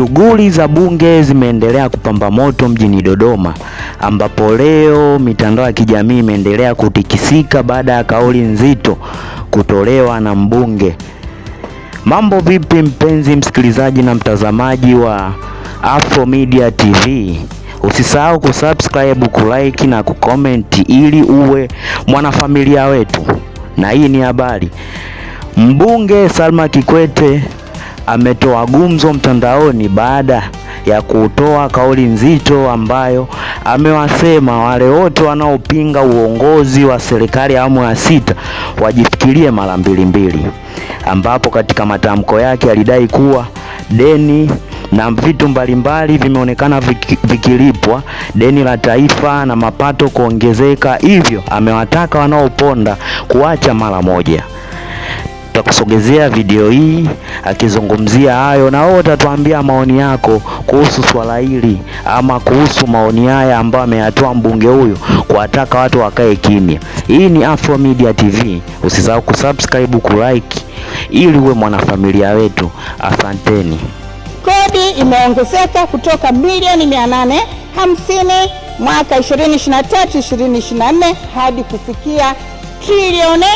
Shughuli za bunge zimeendelea kupamba moto mjini Dodoma ambapo leo mitandao ya kijamii imeendelea kutikisika baada ya kauli nzito kutolewa na mbunge. Mambo vipi mpenzi msikilizaji na mtazamaji wa Afro Media TV? Usisahau kusubscribe, kulike na kucomment ili uwe mwanafamilia wetu. Na hii ni habari. Mbunge Salma Kikwete ametoa gumzo mtandaoni baada ya kutoa kauli nzito ambayo amewasema wale wote wanaopinga uongozi wa serikali ya awamu ya sita wajifikirie mara mbili mbili, ambapo katika matamko yake alidai kuwa deni na vitu mbalimbali vimeonekana vikilipwa, deni la taifa na mapato kuongezeka, hivyo amewataka wanaoponda kuacha mara moja tutakusogezea video hii akizungumzia hayo, na wewe utatuambia maoni yako kuhusu swala hili ama kuhusu maoni haya ambayo ameyatoa mbunge huyu kuwataka watu wakae kimya. Hii ni Afro Media TV, usisahau kusubscribe, kulike ili uwe mwanafamilia wetu. Asanteni. Kodi imeongezeka kutoka bilioni 850 mwaka 2023 2024 hadi kufikia trilioni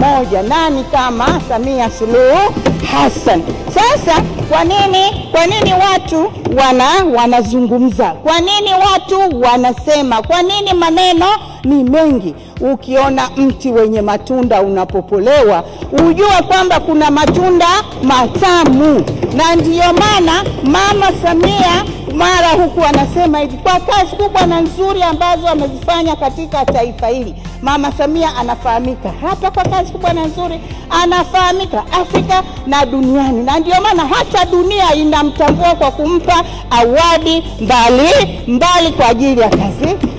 moja nani kama Samia Suluhu Hassan. Sasa kwa nini, kwa nini watu wana wanazungumza? Kwa nini watu wanasema? Kwa nini maneno ni mengi? Ukiona mti wenye matunda unapopolewa, ujue kwamba kuna matunda matamu, na ndiyo maana Mama Samia mara huku anasema hivi, kwa kazi kubwa na nzuri ambazo amezifanya katika taifa hili. Mama Samia anafahamika hapa kwa kazi kubwa na nzuri, anafahamika Afrika na duniani, na ndio maana hata dunia inamtambua kwa kumpa awadi mbali mbali kwa ajili ya kazi